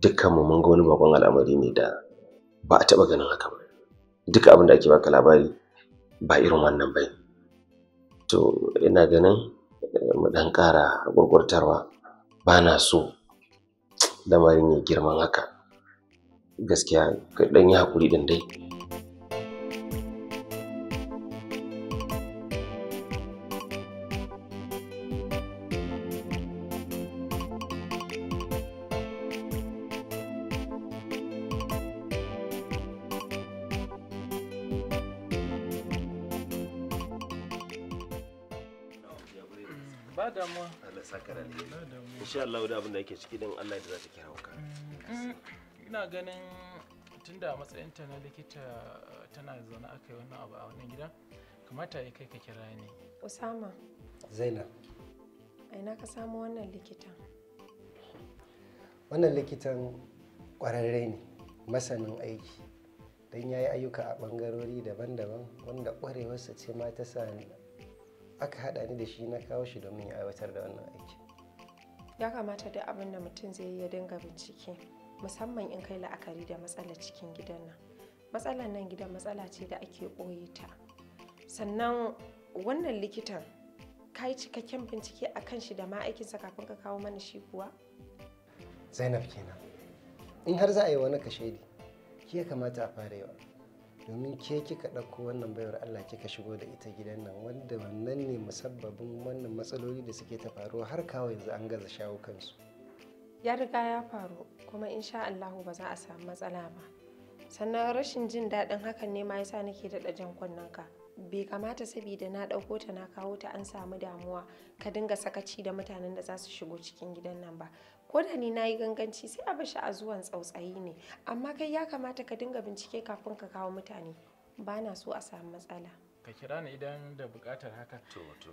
dukkanmu mun ga wani bakon al'amari ne da ba a taɓa ganin haka ba duk abin da ake baka labari ba irin wannan ba to ina ganin eh, mu ɗan ƙara gurgurtarwa ba na so lamarin ya girman haka gaskiya ka ɗan yi haƙuri ɗin dai ba damuwa Allah saka da alheri insha Allah da abin da yake ciki don Allah da za ta kira ka mm, ina ganin tunda a matsayin ta na likita tana zaune aka yi wannan abu a wannan gida kamata ya kai ka kira ni Usama Zainab a ina ka samu wannan likitan wannan likitan kwararre ne masanin aiki don ya yi ayyuka a bangarori daban-daban wanda kwarewarsa ce ma ta sa aka haɗa ni da shi na kawo shi domin ya aiwatar da wannan aiki ya kamata da abin da mutum zai yi ya dinga bincike musamman in kai la'akari da matsalar cikin gidan nan matsalar nan gidan matsala ce da ake ɓoye ta sannan wannan likitan ka yi cikakken bincike a kan shi da ma'aikinsa kafin ka kawo mana shi kuwa zainab kenan in har za a yi wani kashedi ki ya kamata a fara yawa domin ke kika ɗauko wannan baiwar Allah kika shigo da ita gidan nan wanda wannan ne musabbabin wannan matsaloli da suke ta faruwa har kawai yanzu an gaza shawo kansu ya riga ya faru kuma insha Allahu ba za a samu matsala ba sannan rashin jin daɗin hakan ne ma yasa nake daɗa jan kunnen ka bai kamata saboda na ɗauko ta na kawo ta an samu damuwa ka dinga sakaci da mutanen da za su shigo cikin gidan nan ba ko da ni na yi ganganci sai a bashi a zuwan tsautsayi ne amma kai ya kamata ka dinga bincike kafin ka kawo mutane ba na so a samu matsala ka kira ni idan da buƙatar haka to to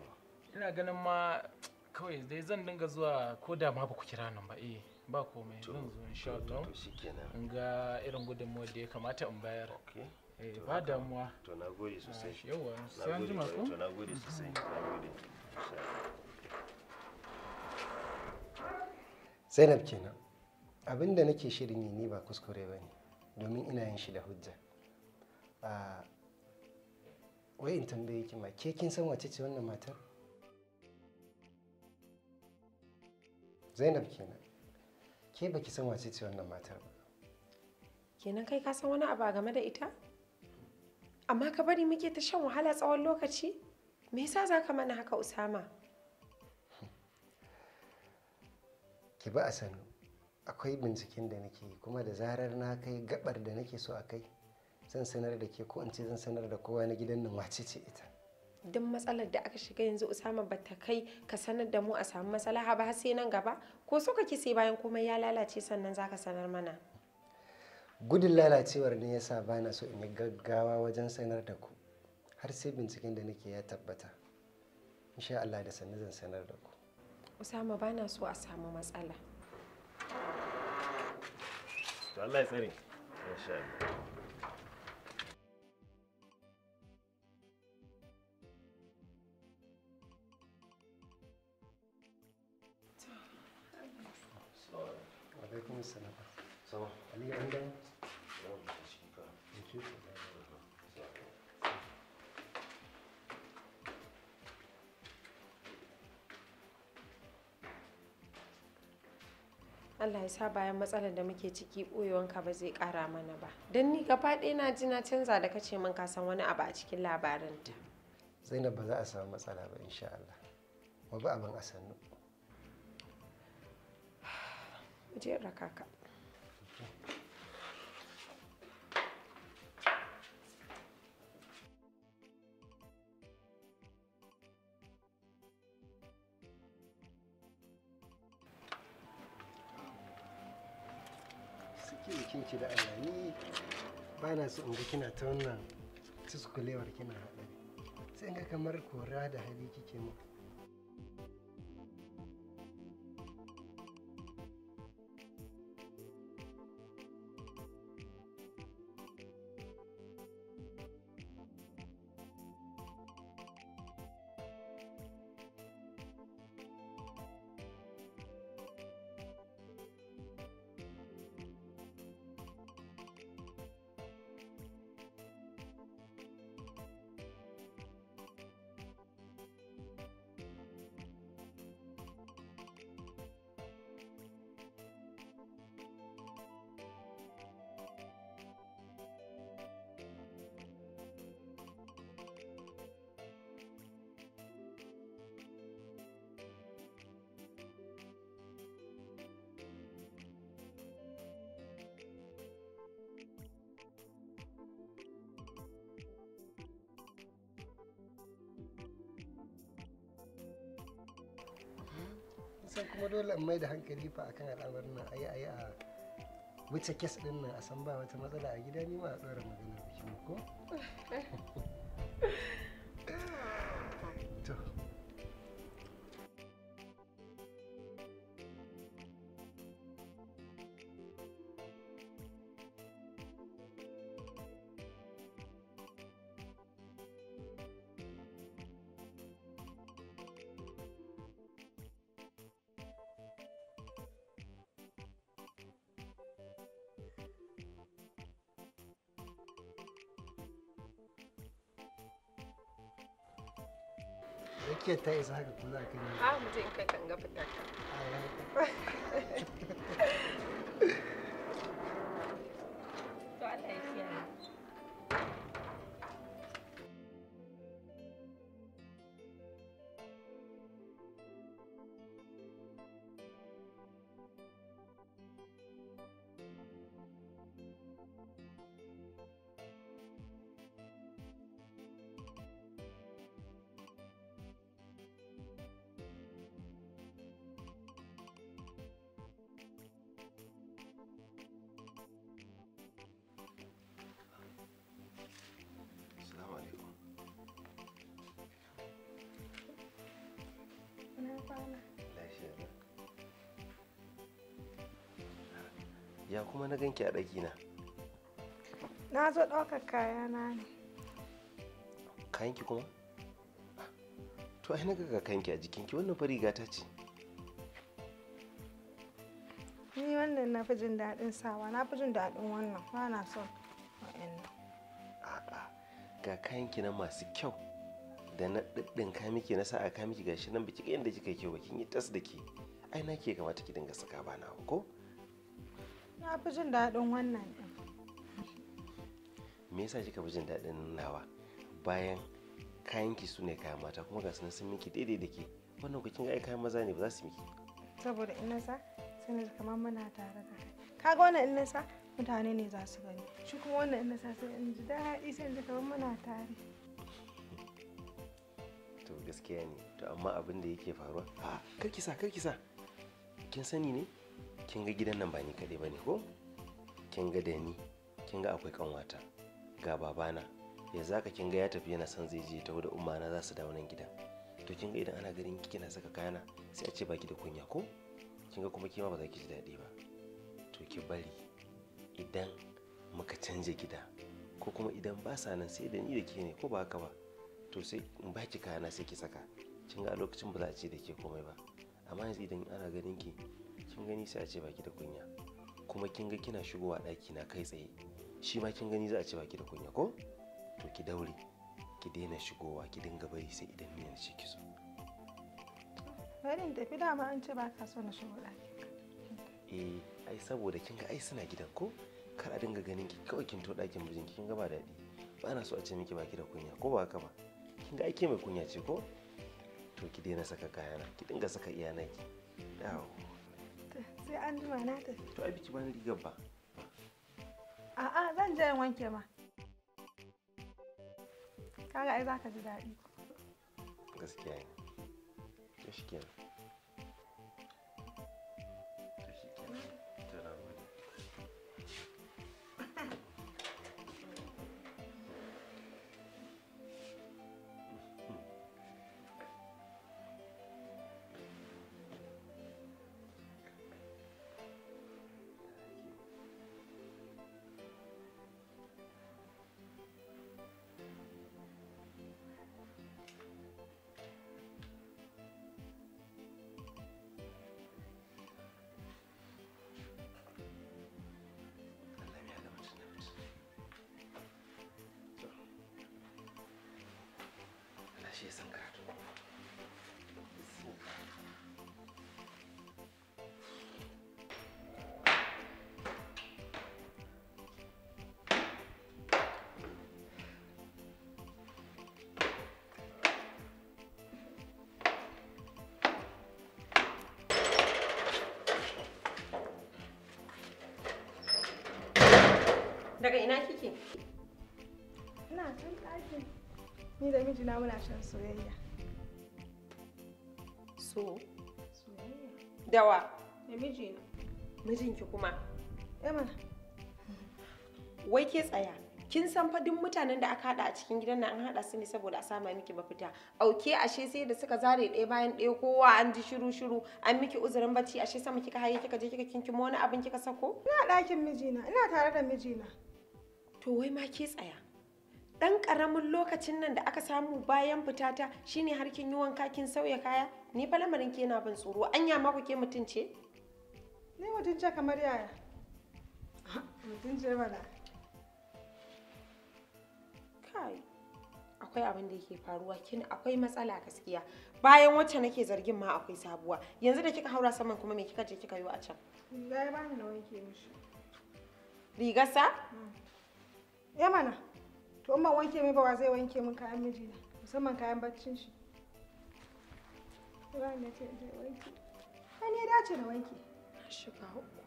ina ganin ma kawai dai zan dinga zuwa ko da ma ba ku kira nan ba eh ba komai zan zo in sha to in ga irin gudunmuwar da ya kamata in bayar eh, ba damuwa to gode sosai ah, yawa sai an jima ku to gode sosai gode zainab kenan abin da nake shirin yi ni ba kuskure ba ne domin ina yin shi da hujja ah, wai in tambaye ki ma ke kin san wace ce wannan matar zainab kenan ke baki san wace ce wannan matar ba kenan kai ka san wani abu a game da ita amma ka bari muke ta shan wahala tsawon lokaci me yasa za ka mana haka usama ki bi a sanu, akwai binciken da nake yi kuma da zarar na kai gabar da nake so a kai zan sanar da ke ko in ce zan sanar da kowa na gidan nan wace ce ita duk matsalar da aka shiga yanzu usama ba ta kai ka sanar da mu a samu maslaha ba sai nan gaba ko so ka sai bayan komai ya lalace sannan za ka sanar mana gudun lalacewar ne yasa ba na so in yi gaggawa wajen sanar da ku har sai binciken da nake ya tabbata insha Allah da sannu zan sanar da ku Usama bana so a samu matsala. To Allah ya tsare. Insha Allah. Wa عليكم السلام. صباح. علي عندك؟ Allah ya sa bayan matsalar da muke ciki ɓoyewanka ba zai ƙara mana ba. Don ni gaba ɗaya na ji na canza da kace min ka san wani abu a cikin labarinta. Zainab ba za a samu matsala ba insha Allah. Wa ba abin a sannu. Jera ka. fushin ki da ba na so in ga kina ta wannan tuskulewar kina haɗari sai ga kamar kora da hali kike mu san kuma dole in mai da hankali fa akan al'amarin nan ayi ayi a wuce kes din nan a san ba wata matsala a gida ni ma a tsara maganar ko tsakiyar ta isa haka kula kan yi. Ah, mutum kai kan ga fitar. ya kuma na ganki a ɗakina na zo ɗaukar kayana ne kayanki kuma to ai na ga kayanki a jikinki wannan fari gata ce ni wannan na fi jin daɗin sawa na fi jin daɗin wannan ba na son a'a ga kayanki na masu kyau da na ɗaɗɗin kamiki na sa'a kamiki miki gashi nan biki ga yadda kika yi kyau ba kin yi tas da ke ai na ke kamata ki dinga saka ba na ko Na fi jin daɗin wannan ɗin. Me yasa kika fi jin daɗin nawa bayan kayanki su ne kayan mata kuma ga sunan sun miki daidai da ke wannan kukin ga kayan maza ne ba za su miki. Saboda in nasa yi kamar muna tare da kai. Kaga wannan in nasa mutane ne za su gani shi kuma wannan in nasa sai in ji daɗi sai in ji kamar muna tare. To gaskiya ne to amma abin da yake faruwa kar karki sa karki sa kin sani ne kin ga gidan nan ba ni kaɗai ba ne ko kin ga da kin ga akwai kanwata ga babana ya zaka kin ga ya tafi yana son zai je taho da umma na za su dawo nan gida to kin ga idan ana garin ki kina saka kayana sai a ce baki da kunya ko kin ga kuma kima ba za ki ji daɗi ba to ki bari idan muka canja gida ko kuma idan ba sa nan sai da da ke ne ko ba haka ba to sai in baki kayana sai ki saka kin ga a lokacin ba za a ce da ke komai ba amma yanzu idan ana ganin ki kin gani sai a ce baki da kunya kuma kin ga kina shigowa ɗaki na kai tsaye shi ma kin gani za a ce baki da kunya ko to ki daure ki daina shigowa ki dinga bari sai idan ni ce ki so bari in tafi dama an ce ba ka so na shigo ɗaki eh ai saboda kin ga ai suna gidan ko kar a dinga ganin ki kawai kin to ɗakin mijin kin ga ba daɗi ba na so a ce miki baki da kunya ko ba haka ba kin ga ake mai kunya ce ko to ki daina saka kayana ki dinga saka iyanaki dawo sai an jima na tafi. To ai biki bani rigar ba. A'a zan je in wanke ma. Kaga ai zaka ji daɗi. Gaskiya ne. Gaskiya. Daga ina kike? Ina can ɗakin. Ni da mijina muna shan soyayya. So? Soyayya. Dawa? Da mijina. Mijinki kuma? Emma. Eh Wai ke tsaya. Kin san fa duk mutanen da aka haɗa a cikin gidan nan an haɗa su ne saboda a sama miki mafita. Auke ashe sai da suka zare ɗaya bayan ɗaya kowa an ji shiru shiru an miki uzurin bacci ashe sama kika haye kika je kika kinkimo wani abin kika sako? Ina ɗakin mijina, ina tare da mijina. To wai ma ke tsaya. Ɗan ƙaramin lokacin nan da aka samu bayan fitata shine harkin yi wanka kin sauya kaya? Ni fa lamarin ke na ban tsoro. Anya ma ku ke mutun ce? Ni mutun ce kamar yaya. mutun ce mana. Kai. akwai abin da yake faruwa kin akwai matsala gaskiya bayan wacce nake zargin ma akwai sabuwa yanzu da kika haura saman kuma me kika je kika yo a can ya ba ni mishi rigarsa mm. Ya eh mana, to in ban wanke mai bawa zai wanke min kayan mijina, musamman kayan baccin shi. Ba ne ce zai wanke. Ai ne dace na wanke. Na shiga uku.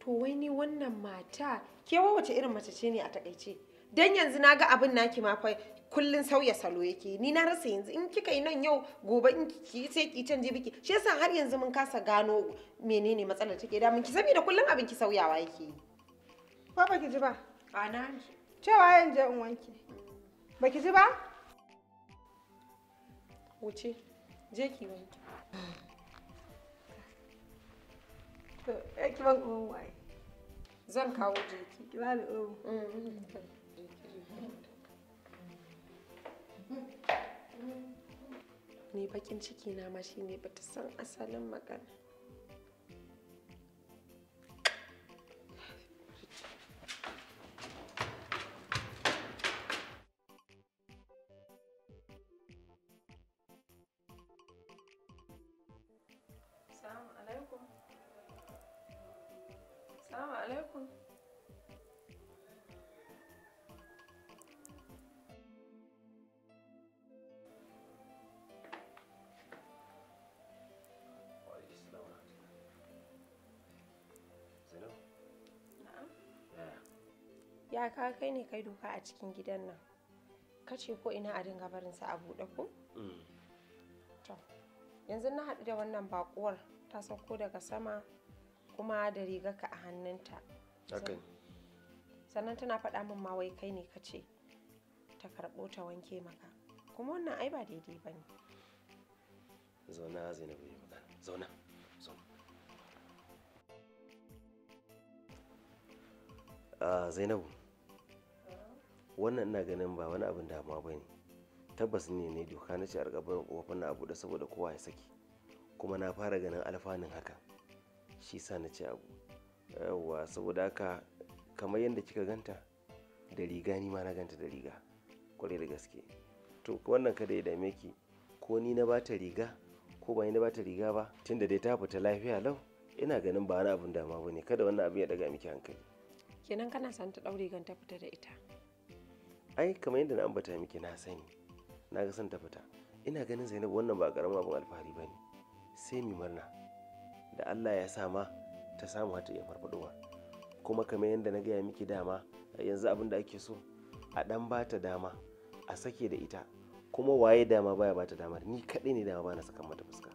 To wai ni wannan mata, ke wace irin mace ce ne a takaice? Dan yanzu na ga abin naki ma fa kullun sauya salo yake ni na rasa yanzu in kika yi nan yau gobe in ki sai ki canje biki shi yasa har yanzu mun kasa gano menene matsalar take da mun ki saboda kullun abin ki sauyawa yake ko baki ji ba a na cewa yan je in wanke baki ji ba wuce je ki wanke to eh, ki ban zan kawo jeki ki ba ni ni bakin ciki na ma shine bata san asalin magana ya ka kai ne kai doka a cikin gidan nan kace ko ina a dinga barin sa a buɗe ko mm. to yanzu na haɗu da wannan bakuwar ta sauko daga sama kuma da rigarka a hannunta sannan tana faɗa min ma wai kai ne kace ta karɓo ta wanke maka kuma wannan ai ba daidai ba ne zauna zainabu yi magana zauna zauna ah, zainabu wannan ina ganin ba wani abin damuwa ba ne tabbas ne ne doka na ce a rikabar kofar na abu da saboda kowa ya saki kuma na fara ganin alfanun haka shi sa na ce abu yawwa saboda haka kamar yadda kika ganta da riga ni ma na ganta da riga kwarai da gaske to wannan kada ya dame ki ko ni na bata riga ko ba ni na bata riga ba tunda dai ta fita lafiya lau ina ganin ba wani abin damuwa ba ne kada wannan abin ya daga miki hankali kenan kana san ta ɗaure gan ta fita da ita ai kamar yadda na ambata miki na sani na ga san ta fita ina ganin zainabu wannan ba karamin abin alfahari ba ne sai mi murna da allah ya sa ma ta samu hata iya farfadowa kuma kamar yadda na gaya miki dama yanzu abin da ake so a dan ba ta dama a sake da ita kuma waye dama baya ba ta dama ni kaɗai ne dama na saka mata fuska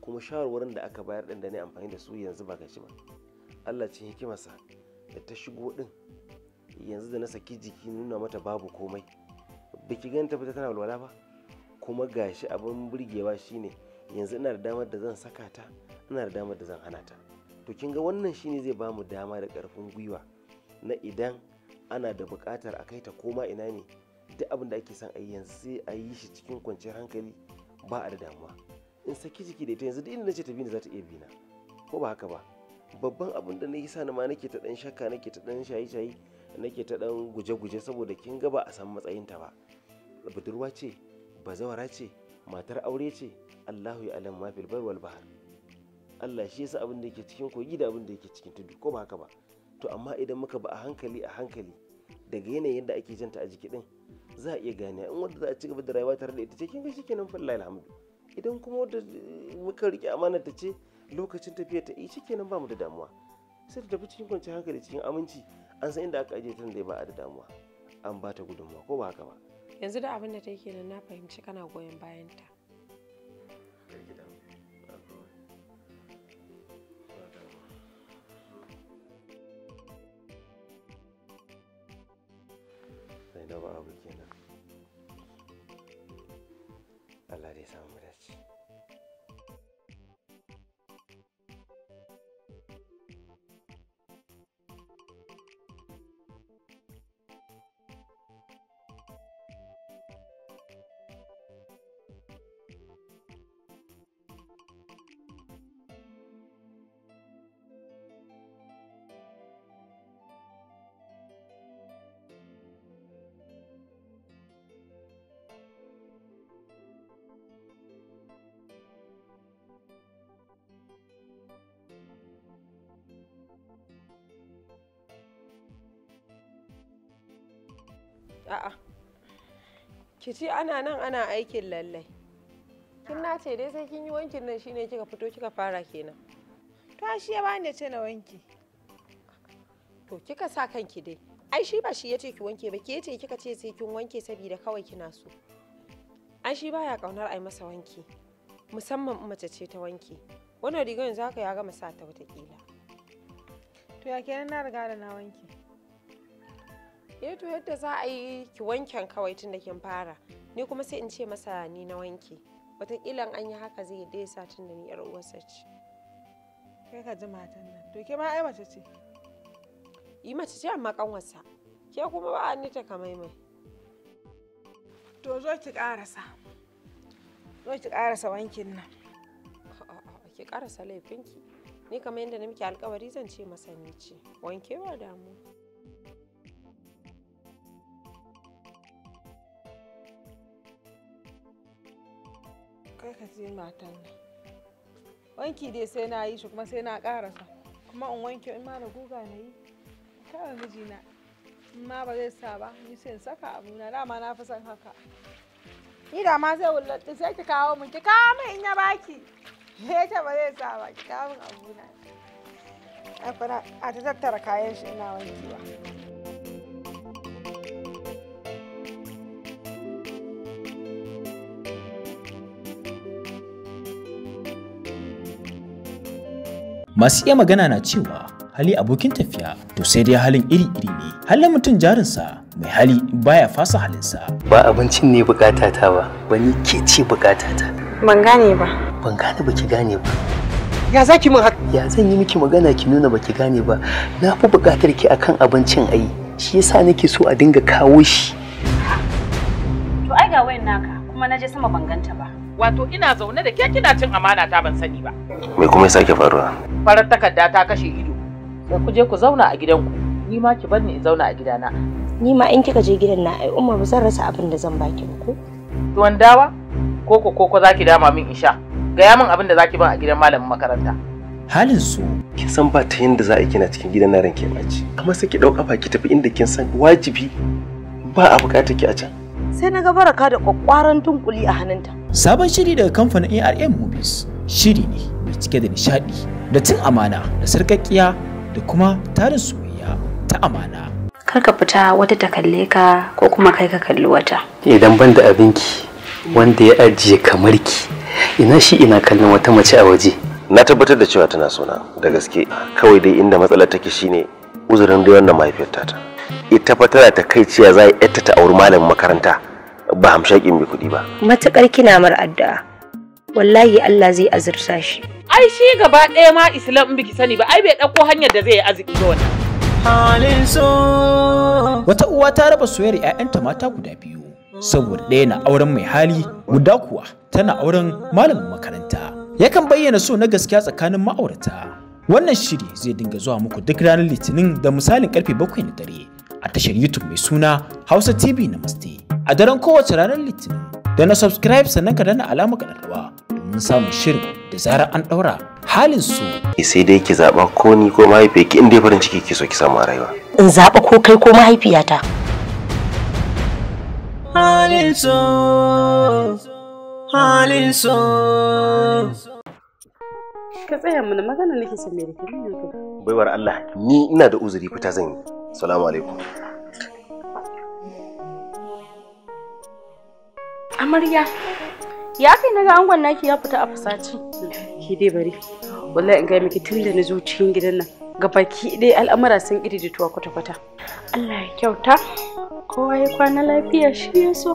kuma shawarwarin da aka bayar ɗin da ne amfani da su yanzu ba gashi ba allah ce hikimarsa da ta shigo ɗin yanzu da na saki jiki nuna mata babu komai biki ganta fita tana walwala ba kuma gashi abin burgewa shine yanzu ina da damar da zan saka ta ina da damar da zan hana ta to kin ga wannan shine zai bamu dama da karfin gwiwa na idan ana da bukatar a kai ta koma ina ne duk abin da ake son a yi yanzu sai a yi shi cikin kwanciyar hankali ba a da damuwa in saki jiki da ita yanzu duk inda nace ta bini za ta iya bina ko ba haka ba babban abin da na yi sa ma nake ta dan shakka nake ta dan shayi shayi nake ta dan guje-guje saboda kin ga ba a san matsayinta ba budurwa ce bazawara ce matar aure ce Allahu ya alam ma fil bar wal bahar Allah shi yasa abin da yake cikin kogi da abin da yake cikin tudu ko ba haka ba to amma idan muka ba a hankali a hankali daga yanayin da ake janta a jiki din za a iya gane in wanda za a ci gaba da rayuwa tare da ita ce kin ga shikenan fallahi alhamdu idan kuma wanda eh, muka rike amana ta ce lokacin tafiya ta yi eh, shikenan ba mu da damuwa sai ta tafi cikin kwanciyar hankali cikin aminci an san inda aka ajiye ta zai ba a da damuwa an ba ta gudunmawa ko ba haka ba yanzu da abin da ta yake na fahimci kana goyon bayan ta Zainabu abu kenan Allah dai A'a. Ki ci ana nan ana aikin lallai. Kin nace dai sai kin yi wankin nan shine kika fito kika fara kenan. To shi ya bani ce na wanki. To kika sa kanki dai. Ai shi ba shi ya ce ki wanke ba, ke ce kika ce sai kin wanke saboda kawai kina so. Ai shi baya kaunar ai masa wanki. Musamman mace ce ta wanki. Wannan rigar yanzu haka ya gama sa ta watakila. To ya kenan na riga da na wanke. ya eh to yadda za a yi ki wanken kawai tun da kin fara ni kuma sai in ce masa ni na wanke wataƙila an yi haka zai dai sa tun da ni yar uwarsa ce kai ka ji matan nan to ke ma ai mace ce yi mace ce amma kanwarsa ke kuma ba ni ta kamai mai to zo ki karasa zo ki karasa wankin nan ki karasa laifinki ni kamar yadda na miki alkawari zan ce masa ni ce wankewa damu kai ka je matan nan wanki dai sai na yi shi kuma sai na karasa kuma in wanke in ma da guga na yi kawai mijina in ma ba zai sa ba ni sai in saka abuna dama na fi son haka ni da ma zai wulatta sai ki kawo mun ki kawo mun in ya baki ya ce ba zai sa ba ki kawo min abuna a ta tattara kayan shi ina wankewa. masu iya magana na cewa hali abokin tafiya to sai dai halin iri-iri ne halin mutum jarinsa mai hali baya fasa halinsa ba abincin ne ta ba wani ke ce ta. ban gane ba ban gane ba ki gane ba ya za ki min haka ya zan yi miki magana ki nuna ba ki gane ba na fi bukatar ki akan abincin ai shi yasa nake so a dinga kawo shi to ai ga wayan naka kuma naje sama ban ganta ba wato ina zaune da ke kina cin amana ta ban sani ba me kuma ya sake faruwa farar takarda ta kashe ido sai ku je ku zauna a gidanku ni ma ki bar ni in zauna a gidana ni ma in kika je gidan na ai umar zan rasa abin da zan baki ko tuwon dawa koko koko zaki dama min in sha gaya min abin da zaki ban a gidan malamin makaranta halin su kin san ba ta yanda za a kina cikin gidan na ranke baci amma sai ki dau kafa ki tafi inda kin san wajibi ba a bukata ki a can sai na ga baraka da kwakwaran tunkuli a hannunta sabon shiri daga kamfanin ARM Movies shiri ne mai cike da nishadi da cin amana da sarƙaƙiya da kuma tarin soyayya ta amana. Kar ka fita wata ta kalle ka ko kuma kai ka kalli wata. Idan ban da abinki wanda ya ajiye kamar ki ina shi ina kallon wata mace a waje. Na tabbatar da cewa tana sona da gaske kawai dai inda matsalar take shine uzurin da wannan mahaifiyar ta. Ita fa tana ta kai ciya za a ta auri malamin makaranta ba hamshakin mai kuɗi ba. Matuƙar kina mar addu'a. wallahi Allah zai azurta shi ai shi gaba ɗaya ma islam biki sani ba ai bai ɗauko hanyar da zai yi arziki ga wannan halin so wata uwa ta raba soyayyar 'ya'yanta mata guda biyu saboda ɗaya na auren mai hali guda kuwa tana auren malamin makaranta yakan bayyana so na gaskiya tsakanin ma'aurata wannan shiri zai dinga zuwa muku duk ranar litinin da misalin karfe bakwai na dare a tashar youtube mai suna hausa tv namaste a daren kowace ranar litinin da na subscribe sannan ka dana ka kararrawa domin samun shirin da zarar an daura halin su eh, sai dai ki zaba ko ni ko mahaifi ki inda farin ciki ki so ki samu rayuwa in zaba ko kai ko mahaifiyata halin su halin su ka tsaya mana magana nake son me da ke baiwar Allah ni ina da uzuri fita zan yi assalamu alaikum Amarya. Ya kai na ga angon naki ya fita a fasaci. Ki dai bari. Wallahi in ga miki tun da na zo cikin gidan nan. Ga baki dai al'amura sun iri da tuwa kwata-kwata. Allah ya kyauta. Kowa ya kwana lafiya shi ya so.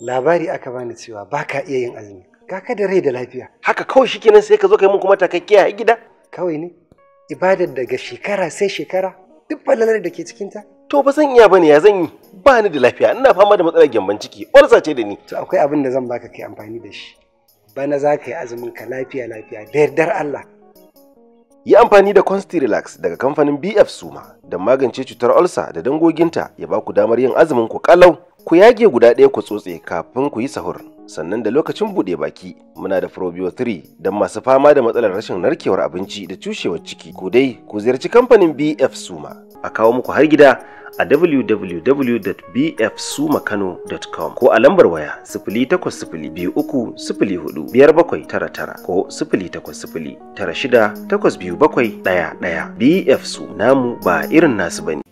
labari aka bani cewa ba ka iya yin azumi Ka da rai da lafiya haka kawai shi kenan sai ka zo kai mun kuma takakkiya a gida kawai ne ibadar daga shekara sai shekara duk falalar da ke cikinta to ba zan iya bane ya zan yi ba ni da lafiya ina fama da matsalar gyamban ciki ƙwarsa ce da ni to akwai abin da zan baka kai amfani da shi bana za ka yi azumin ka lafiya lafiya da yardar Allah Yi amfani da Consti daga kamfanin BF Suma don magance cutar olsa da dangoginta ya ba ku damar yin azumin ku kalau. Ku yage guda ɗaya ku tsotse kafin ku yi sahur. Sannan da lokacin buɗe baki muna da Probio 3 don masu fama da matsalar rashin narkewar abinci da cushewar ciki. Ku dai ku ziyarci kamfanin BF Suma a kawo muku har gida A www.bfsumakano.com. Ko a lambar waya, sifili takwas sufili biyu uku, sifili hudu, biyar bakwai tara-tara. Ko sifili takwas sufili tara-shida, takwas biyu bakwai ɗaya-ɗaya. bfsu Namu ba irin nasu ba ne.